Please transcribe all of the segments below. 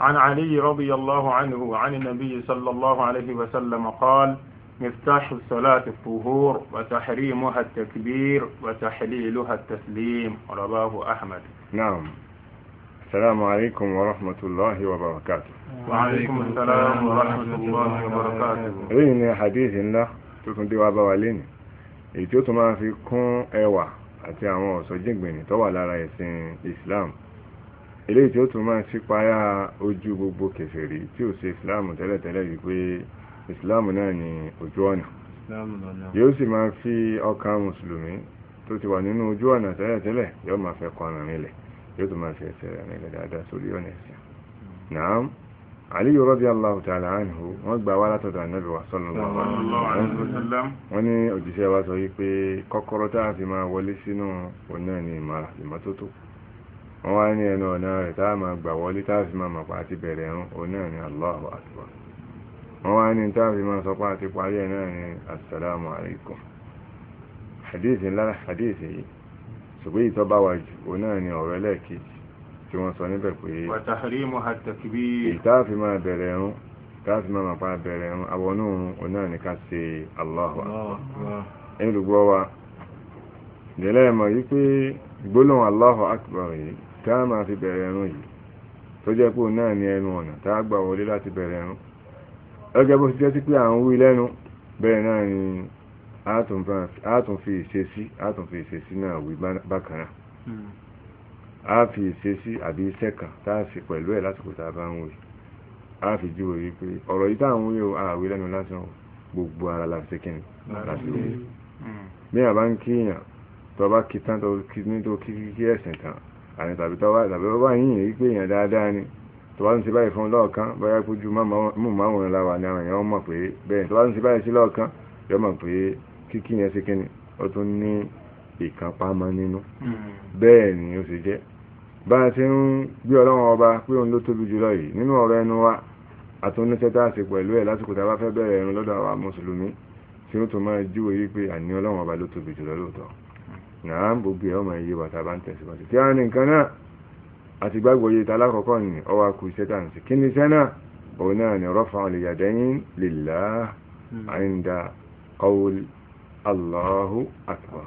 عن علي رضي الله عنه عن النبي صلى الله عليه وسلم قال مفتاح الصلاة الطهور وتحريمها التكبير وتحليلها التسليم رواه أحمد نعم السلام عليكم ورحمة الله وبركاته وعليكم السلام ورحمة الله وبركاته ريني حديث الله تكون دي وابا وليني èyí tí ó tún máa fi kún ẹwà àti àwọn ọ̀sọ́ eléyìí tí otu tún máa ṣípayá ojú gbogbo kefere tí ò se ìsìláàmù tẹ́lẹ̀tẹ́lẹ̀ wípé ìsìláàmù náà ni ojú ọ̀nà yóò sì máa fi ọkàn mùsùlùmí tó ti wà nínú ojú ọ̀nà tẹ́lẹ̀tẹ́lẹ̀ yóò máa fẹ́ kọ́ ọ̀nà nílẹ̀ yóò tún máa fi ẹsẹ̀ rẹ̀ nílẹ̀ dáadáa sórí ọ̀nà ẹ̀sìn naam ali radiyallahu ta'ala anhu wọ́n gbà wá látọ̀dọ̀ wa sallallahu alaihi wasallam wọ́n wá ní ẹnu ọ̀nà rẹ̀ tá a máa gbà wọlé tá a fi máa mọ̀pá àti bẹ̀rẹ̀ ẹ̀rún òun náà ni Allahu Akbar wọ́n wá ní tá a fi máa sọpá àti parí ẹ̀ náà ni hadith ńlá hadith yìí ṣùgbọ́n ìtọ́ bá wà jù òun náà ni ọ̀rọ̀ ẹlẹ́ẹ̀kejì tí wọ́n sọ níbẹ̀ pé makwa máa bẹ̀rẹ̀ ẹ̀rún káàfi máa bẹ̀rẹ̀ tá a máa fi bẹ̀rẹ̀ ẹ̀rùn yìí tó jẹ́ pé náà ní ẹnu ọ̀nà tá a gbà wọlé láti bẹ̀rẹ̀ ẹ̀rùn ẹgẹ́ bó ti jẹ́ sí pé à ń wí lẹ́nu bẹ́ẹ̀ náà ni a tún fi ìṣesí a tún fi ìṣesí náà wí bákan náà hmm. a fi ìṣesí àbí iṣẹ́ kan tá a sì pẹ̀lú ẹ̀ lásìkò tá a bá ń wí a fi júwe yìí pé ọ̀rọ̀ yìí tá à ń wí o àwí lẹ́nu lásán gbogbo ara la ṣe hmm. kí ni láti wí bí àbá ń àní tàbí tọ́wá tàbí wá yín yìí pé èèyàn dáadáa ni tó bá ń ṣe báyìí fún lọ́ọ̀kan bóyá kójú mú máwòrán láwà ni àwọn èèyàn mọ̀ pé bẹ́ẹ̀ tó bá ń ṣe báyìí sí lọ́ọ̀kan yọ mọ̀ pé kíkí yẹn sí kíni ó tún ní ìkànpámọ́ nínú hmm. bẹ́ẹ̀ ni ó sì jẹ́ bá a ṣe ń gbé ọlọ́run ọba pé òun ló tóbi jùlọ yìí nínú ọ̀rọ̀ ẹnu wa àtúnṣe tá a ṣe pẹ̀lú ẹ̀ lásìkò tá a bá fẹ́ bẹ̀rẹ̀ ẹ̀rùn lọ́dọ̀ àwa mùsùlùmí tí ó tún máa júwèé pé àní ọlọ́run ọba ló tóbi jùlọ lóòótọ́ náà gbogbo ẹ̀ ọmọ iye wàtà bá ń tẹ̀síwájú kí á ní nǹkan náà àti gbàgbọ́ iye ta alákọ̀ọ́kọ́ ni ọwọ́ akú iṣẹ́ tà ń sí kí ni iṣẹ́ náà òun náà ni rọ́fà liyadayn lillah hmm. inda qawl Allahu akbar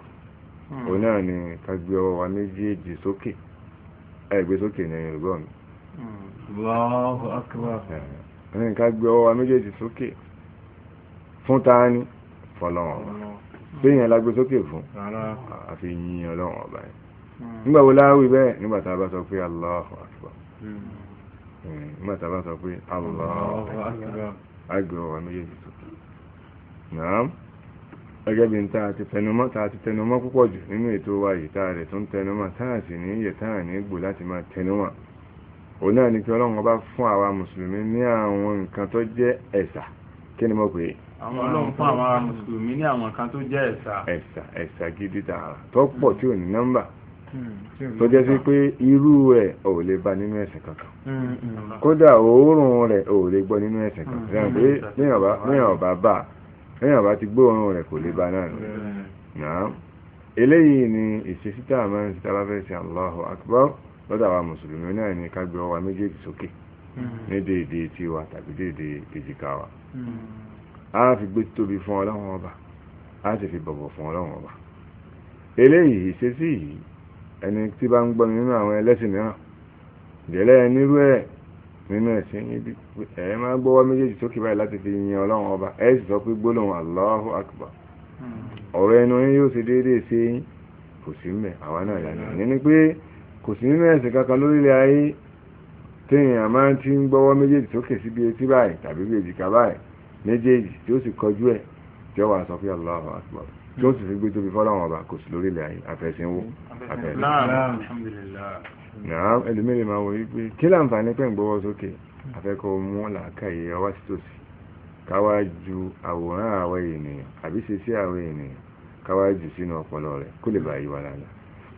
hmm. òun náà ni ká gbé ọwọ́ wa méjèèjì sókè ẹgbẹ́ sókè ní ẹ̀rọ mi. Hmm. Allahu ká gbé ọwọ́ wa méjèèjì sókè fún ta ni fọlọ́wọ́n. péyàn la sókè fún àfi yin ọlọ́run ọba yẹn hmm. nígbà wo láwí bẹ́ẹ̀ nígbà tá a bá sọ pé Allahu Akbar hmm. Hmm. nígbà tá a bá sọ pé àgbẹ̀ méjèèjì sókè náà gẹ́gẹ́ bí ta ti tẹnumọ́ ta ti tẹnumọ́ púpọ̀ jù nínú ètò wa yìí tá rẹ̀ tó ń tẹnumọ́ sì ní yẹ ni kí ọlọ́run ọba fún àwa mùsùlùmí àwọn ọlọ́run fún àwọn mùsùlùmí ní àwọn kan tó jẹ́ ẹ̀sà. ẹ̀sà ẹ̀sà gidi tààrà tó pọ̀ tí ò ní nọ́mbà hmm, tó jẹ́ sí pé irú ẹ̀ ò lè bá nínú ẹ̀sìn kankan hmm, hmm. kódà òórùn rẹ̀ ò lè gbọ́ nínú ẹ̀sìn kankan sẹ́yìn pé lẹ́yìn ọ̀bá bá lẹ́yìn ọ̀bá ti gbóòórùn rẹ̀ kò lè bá náà nù eléyìí ni ìṣesí tá a máa ń ṣe tá a bá fẹ́ lọ́dọ̀ àwa mùsùlùmí náà ní ká gbé méjèèjì sókè ní déédéé tiwa tàbí déédéé èjìká wa a fi gbé tóbi fún ọlọ́run ọba a sì fi bọ̀bọ̀ fún ọlọ́run ọba eléyìí ìṣesí yìí ẹni tí bá ń gbọ́ nínú àwọn ẹlẹ́sìn mìíràn ìdílé nírú ẹ̀ nínú ẹ̀sìn yín bí ẹ máa gbọ́wọ́ méjèèjì sókè báyìí láti fi yin ọlọ́run ọba ẹ sì sọ pé gbólóhùn Allahu Akbar ọ̀rọ̀ ẹnu yín yóò ṣe déédéé ṣe yín kò sí mẹ́ àwa náà lánàá ní ni pé kò sí nínú ẹ̀sìn kankan lórílẹ̀ ayé téèyàn máa ti gbọ́wọ́ méjèèjì sókè síbi etí báyìí tàbí bí èjìká báyìí méjèèjì tí ó sì kọjú ẹ̀ tí ó wà sọ pé Allahu Akbar tí ó sì fi gbé tóbi fọ́láwọn ọba kò sí lórílẹ̀ ayé àfẹ̀sìnwó àfẹ̀sìnwó ẹlòmíràn máa wọ wípé kí láǹfààní pẹ̀ ń gbọ́wọ́ sókè afẹ́kọ̀ọ́ mú làákàyè ọwá sítòsí káwá ju àwòrán àwọn ènìyàn àbí ṣe sí àwọn ènìyàn káwá jù sínú ọpọlọ rẹ̀ kó lè bàyí wà lálẹ́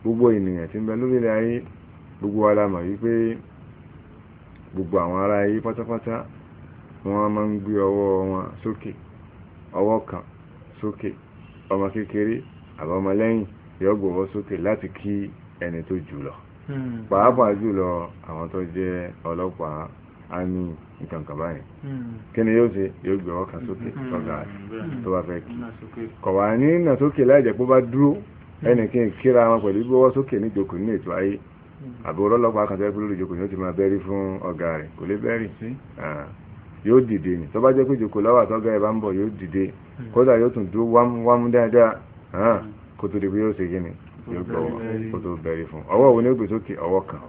gbogbo ènìyàn tí ń bẹ lórílẹ̀ ayé gbogbo wa la mọ̀ wípé gbogbo àwọn ará ayé pátápátá ma máa ń gbé ọwọ́ wọn sókè ọwọ́ kan sókè ọmọ kékeré àbọ̀mọlẹ́yìn yóò gbọ́wọ́ sókè láti kí ẹni tó jùlọ hmm. pàápàá jùlọ àwọn tó jẹ ọlọ́pàá á ní nǹkan kan báyìí hmm. kí ni yóò ṣe yóò gbé ọwọ́ kan sókè lọ́gà hmm. tó bá fẹ́ kí kọ̀wá ní sókè pé ó bá dúró ẹnì kí n kíra wọn pẹ̀lú sókè ní ètò ayé àbúrò ọlọ́pàá kan lórí ìjókòó ni ó ti máa bẹ́rí fún ọ̀gá rẹ̀ kò lè bẹ́rí. Ah. yóò dìde ni tó bá jẹ́ pé ìjòkó lọ́wọ́ àtọ́gá ẹ̀ bá ń bọ̀ yóò dìde kódà yóò tún dúró wámúwámú dáadáa kó tó di pé yóò ṣe kí ni yóò gbọ́ wọn kó tó bẹ̀rẹ̀ fún ọwọ́ wo ni ó gbé sókè ọwọ́ kan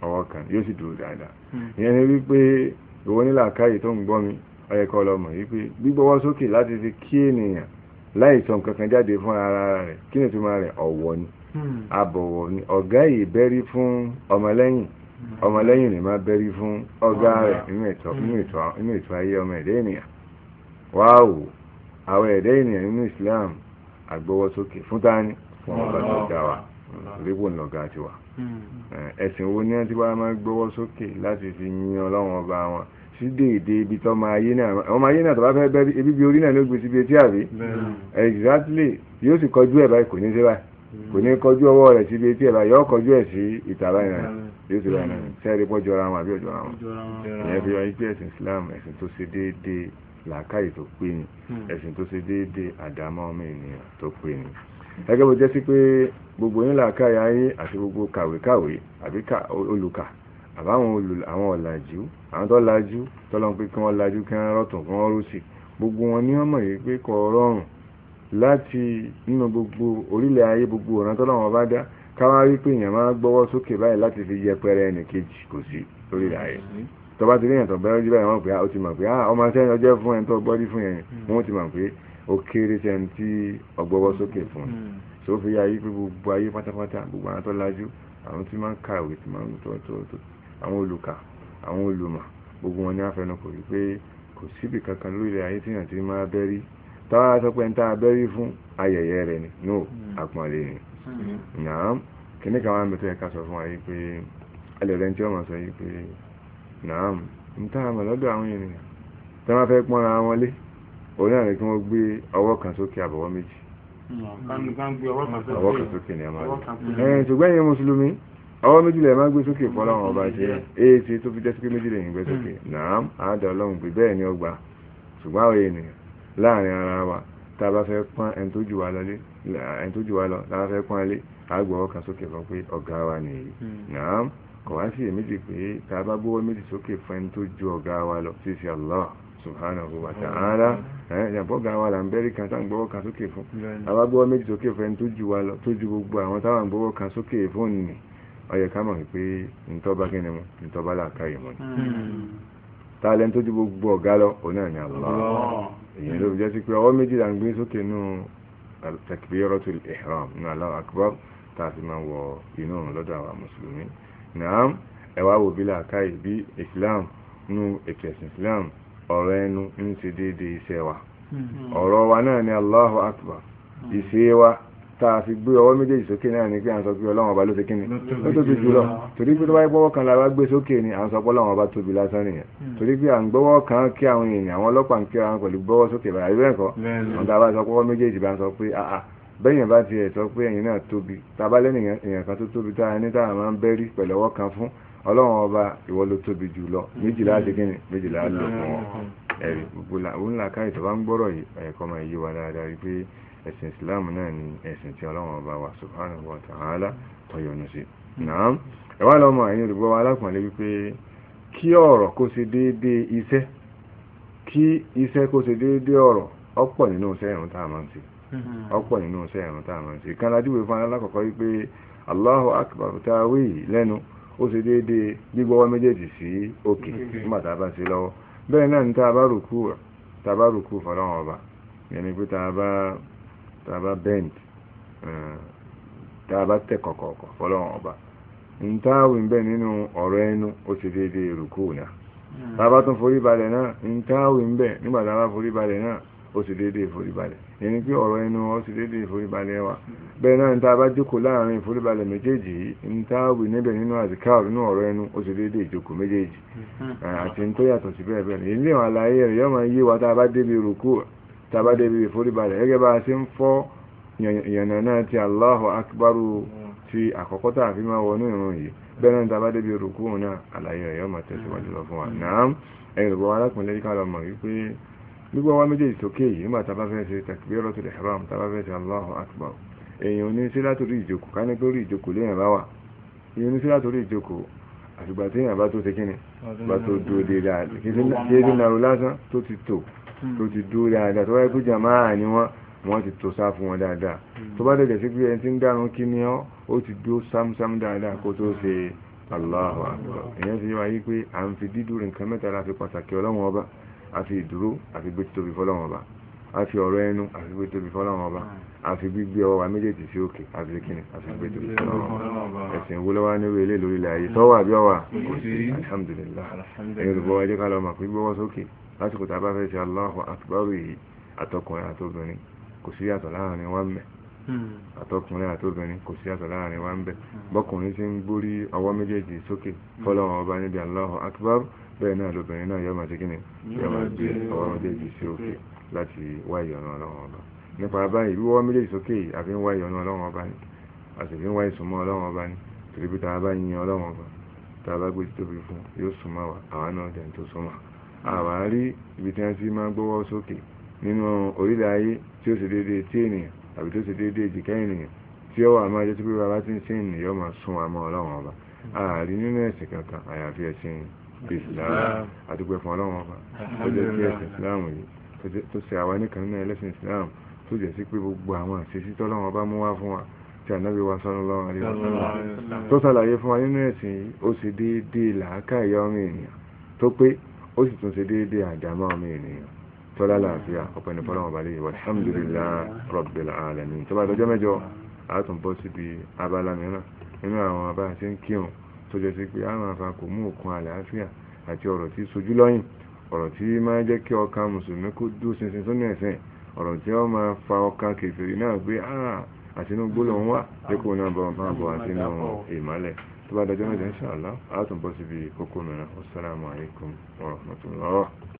ọwọ́ kan yóò sì dúró dáadáa hmm. ìyẹn ni wípé ìwọ nílà káyè tó ń gbọ́ mi ọyẹ kọ́ lọ́mọ wípé gbígbọ́wọ́ sókè láti fi kí ènìyàn láì sọ nǹkan jáde fún ara rẹ̀ kí ni ìtumọ̀ rẹ̀ ọ̀wọ̀ ni hmm. abọ̀wọ̀ ni ọ̀gá ìbẹ́rí ọmọlẹ́yìn rẹ̀ máa bẹ́rí fún ọ̀gá rẹ̀ nínú ètò hmm. ayé ọmọ ẹ̀dẹ́ ènìyàn wá wò àwọn ẹ̀dẹ́ ènìyàn nínú Islam àgbọ́wọ́sókè fún tání fún ọba tó dá wa hmm. rípò lọ́gá ti wa hmm. eh, ẹ̀sìn wo ní wọ́n ti wá máa gbọ́wọ́ sókè láti fi yin ọlọ́run ọba wọn sí déédéé ibi tó máa yé náà ọmọ ayé náà tó bá fẹ́ bẹ́ẹ̀ ibi bí orí náà ló gbé síbi etí àbí exactly yóò sì kọjú ẹ̀ báyìí kò ní í ṣe báyìí kò ní kọjú ọwọ́ rẹ̀ síbi etí ẹ̀ báyìí yọ kọjú ẹ̀ sí ìta báyìí náà yóò sì báyìí náà sẹ́ẹ̀rí pọ́ jọra wọn àbí ọ̀jọ̀ra wọn ìyẹn fi hàn pé ẹ̀sìn Islam ẹ̀sìn tó ṣe déédéé làákàyè tó pé ni hmm. ẹ̀sìn tó ṣe déédéé àdámọ́ ọmọ ènìyàn tó pé ni gẹ́gẹ́ bó jẹ́ sí pé gbogbo yín làákàyè ayé àti gbogbo kàwékàwé àbí olùkà àbáwọn àwọn ọ̀làjú àwọn tó làjú tọ́lọ́ pé kí wọ́n làjú kí wọ́n rọ̀tún kí wọ́n rọ̀sì gbogbo wọn ní ọmọ yìí pé kò rọrùn láti nínú gbogbo orílẹ̀ ayé gbogbo ọ̀ràn tó lọ́wọ́ bá dá káwá rí pé èèyàn máa gbọ́wọ́ sókè báyìí láti fi yẹpẹrẹ ẹnì kejì kò sí lórílẹ̀ ayé tó bá ti rí èèyàn tó bẹ́rẹ̀ jù báyìí wọ́n pè á ah, ó ti mọ̀ pé á ah, ọmọ sẹ́yìn ọjọ́ fún ẹni tó gbọ́dí fún yẹn hmm. wọ́n ti mọ̀ pé ó kéré sẹ́ni tí ọgbọ́wọ́ sókè fún un tó hmm. fi ayé pé gbogbo ayé pátápátá gbogbo àwọn tó lajú àwọn tí máa ń ka tí máa ń tọ́ tọ́ tọ́ àwọn olùkà àwọn olùmọ̀ gbogbo wọn ní àfẹnukò yìí pé kò síbì kankan lórílẹ̀ ayé tí èèyàn ti máa bẹ́rí táwa sọ pé níta abẹ́rí fún ayẹyẹ rẹ̀ ni no hmm. àpọ̀nlé ni hmm. nàám kíní kan wà mẹ́tọ́ ẹ̀ka sọ fún wa yìí pé ẹlẹ́rẹ́ tí wọ́n máa sọ yìí pé nàám níta àmọ̀ lọ́dọ̀ àwọn ènìyàn tí wọ́n fẹ́ pọ́nra wọn lé òun náà ni kí wọ́n gbé ọwọ́ kan sókè àbọ̀wọ́ méjì ọwọ́ kan sókè ni a máa lọ ẹ̀ ṣùgbọ́n ìyẹn mùsùlùmí ọwọ́ méjìlẹ̀ máa gbé sókè fọ́lọ́run ọba ṣe èyí tí tó fi jẹ́ sókè méjìlẹ̀ yìí gbé sókè nàám hmm. àádọ́ ọlọ́run pé bẹ́ẹ̀ ni ọgbà ṣùgbọ́n àwọn ènìyàn láàrin ara wa tá a bá fẹ́ pọ́n ẹni tó jù wá lọ lára fẹ́ pọ́n lé àgbọ̀ ọkàn sókè pé ọ̀gá wa nìyí náà kọ̀ wá sí èméjì pé tá a bá gbọ́wọ́ méjì sókè fún ẹni tó ju ọ̀gá wa lọ sí sí Allah subhanahu wa ta'ala ìyàbọ̀ hmm. ọ̀gá wa là ń kan kan ju wa ju gbogbo àwọn táwọn gbọ́wọ́ kan sókè hmm. gbogbo lọ òun na ni Allah fi jẹ́ sí pé ọwọ́ méjì là ń gbé sókè nù takbiratul ihram ní Allahu akbar tá a fi máa wọ inú òun lọ́dọ̀ àwọn mùsùlùmí naam ẹ wá wò bí làákàyè bí islam nú ètò ẹ̀sìn islam ọ̀rọ̀ ẹnu ń ṣe déédéé iṣẹ́ wa mm-hmm. ọ̀rọ̀ wa náà ni Allahu akbar iṣẹ́ mm-hmm. wa tá a fi gbé ọwọ́ méjèèjì sókè náà ni pé à ń sọ pé ọlọ́run ọba ló ti kíni ló tóbi jùlọ torí pé tó bá yẹ pọ́wọ́ kan la bá gbé sókè ni à ń sọ pé ọlọ́run ọba tóbi lásán nìyẹn hmm. torí pé à ń gbọ́wọ́ kan kí àwọn èèyàn àwọn ọlọ́pàá ń kí àwọn pẹ̀lú gbọ́wọ́ sókè báyìí bẹ́ẹ̀ kọ́ àwọn tá bá sọ pọ́wọ́ méjèèjì bá ń sọ pé àà bẹ́yìn bá ti sọ pé ẹ̀yin náà tóbi tabalẹ́ èèyàn kan ọlọ́run ọba ìwọ ló tóbi jù lọ méjìlá ti kí ni méjìlá lọ fún ẹ̀rí gbogbo òun là káyìí tó bá ń gbọ́rọ̀ ẹ̀kọ́ máa yé wa dáadáa rí pé ẹ̀sìn ìsìláàmù náà ni ẹ̀sìn tí ọlọ́run ọba wa subhanahu wa ta'ala tọyọnu sí. nàám ẹ̀wá lọ́mọ ẹ̀yin olùgbọ́ wa alákùnrin lébi pé kí ọ̀rọ̀ kó ṣe déédéé iṣẹ́ kí iṣẹ́ kó ṣe déédéé ọ̀rọ̀ ọ̀pọ̀ nínú iṣẹ́ tá a máa ń ṣe ọ̀pọ̀ mm-hmm. nínú iṣẹ́ tá a máa ó ṣe déédéé gbígbọ́wọ́ méjèèjì sí òkè nígbà tá a bá ṣe lọ́wọ́ bẹ́ẹ̀ náà ní tá a bá rùkú ọba yẹn ni pé tá a bá bend tá a bá eh, ọba ní tá a wí bẹ́ẹ̀ nínú ọ̀rọ̀ ẹnu ó ṣe déédéé rùkú náà tá a bá tún forí balẹ̀ náà ní tá a bẹ́ẹ̀ nígbà tá yẹn ni pé ọ̀rọ̀ ẹnu wọn sì dédé ìforíbalẹ̀ wa bẹ́ẹ̀ náà níta bá jókòó láàrin ìforíbalẹ̀ méjèèjì yìí níta wì níbẹ̀ nínú àzìká nínú ọ̀rọ̀ ẹnu ó sì dédé ìjókòó méjèèjì hmm. àti nítorí yàtọ̀ sí bẹ́ẹ̀ bẹ́ẹ̀ èyí lè wọn àlàyé rẹ̀ yọ́ máa yé wa tá a bá débi rúkú tá a bá débi ìforíbalẹ̀ gẹ́gẹ́ bá a ṣe ń fọ́ náà ti Allahu ti àkọ́kọ́ tá a fi gbígbọ́ wa méjèèjì sókè yìí nígbà tá a bá fẹ́ ṣe takbiratul ihram tá a bá fẹ́ ṣe Allahu akbar èèyàn ní sí látòrí ìjókòó ká ní pé orí ìjókòó léèyàn bá wà èèyàn ní sí látòrí ìjókòó àtùgbà tí èèyàn bá tó ṣe kíni bá tó dúró dé dáadáa kí ẹni nàró lásán tó ti tò tó ti dúró dáadáa tó wáyé pé jàmáà ni wọ́n wọ́n ti tò sá fún wọn dáadáa tó bá dẹ̀jẹ̀ sí pé ẹni àfi ìdúró àfi gbé tóbi fọ́lọ́run ọba àfi ọ̀rọ̀ ẹnu àfi gbé tóbi fọ́lọ́run ọba àfi gbígbé ọwọ́ wa méjèèjì sí òkè àfi kíni àfi gbé tóbi fọ́lọ́run ọba ẹ̀sìn ìwúlọ wa ní orílẹ̀ lórí ilẹ̀ ayé tọ́wọ́ àbí ọwà kò sí alhamdulillah ẹ̀yin olùbọ̀ wa jẹ́ ká lọ mà pé gbọ́wọ́ sókè lásìkò tá a bá fẹ́ ṣe Allahu akbar yìí àtọkùnrin àtobìnrin kò sí yàtọ̀ láàrin wa mẹ́ hmm. àtọkùnrin àtobìnrin kò sí yàtọ̀ láàrin wa ń bọ́kùnrin ti ń gbórí ọwọ́ méjèèjì sókè fọ́lọ́run ọba níbi Allahu akbar bẹ́ẹ̀ náà lóbìnrin náà yọ́ máa ṣe kíni yọ́ máa gbé ọwọ́ méjèèjì sí òkè láti wá ìyọ́nú ọlọ́run ọba nípa báyìí wíwọ́ méjèèjì sókè àfi ń wá ìyọ́nú ọlọ́run ọba ni a sì fi ń wá ìsúnmọ́ ọlọ́run ọba ni torí bí tàbá yin ọlọ́run ọba tàbá gbé tí tóbi fún yóò súnmọ́ wa àwa náà jẹ́ tó súnmọ́ àwa rí ibi tí wọ́n ti máa gbówọ́ sókè nínú orílẹ̀ ayé tí ó ṣe Islam àdúgbò ẹ̀fọn ọlọ́run ọba tó jẹ́ kí ẹ̀sìn Islam yìí tó ṣe àwa nìkan nínú ẹlẹ́sìn Islam tó jẹ́ sí pé gbogbo àwọn àṣeṣí tọ́lọ́run ọba mú wá fún wa tí ànábì wa sallallahu alaihi wasallam tó ṣàlàyé fún wa nínú ẹ̀sìn yìí ó ṣe déédéé làákàyà ọmọ ènìyàn tó pé ó sì tún ṣe déédéé àdámọ́ ọmọ ènìyàn tọ́lá làáfíà ọ̀pẹ́ ní fọlọ́run ọba lè wà alhamdulillahi rabbil alamin tó bá dọjọ́ mẹ́jọ àtúnbọ̀ síbi abala mìíràn nínú àwọn abáṣe ń kírun tó jẹ́ sí pé a máa fa kò mú òkun àlàáfíà àti ọ̀rọ̀ tí sojú lọ́yìn ọ̀rọ̀ tí máa jẹ́ kí ọkàn mùsùlùmí kó dó ṣinṣin sónú ẹ̀sìn ọ̀rọ̀ tí ó máa fa ọkàn kèfèrí náà gbé àtinúgbó lòun wá dípò náà bọ̀ máa bọ̀ àtinú ìmọ́lẹ̀ tó bá dájọ́ mẹ́jọ insha Allah àtúnbọ̀ síbi kókó mìíràn wassalamu alaikum warahmatullahi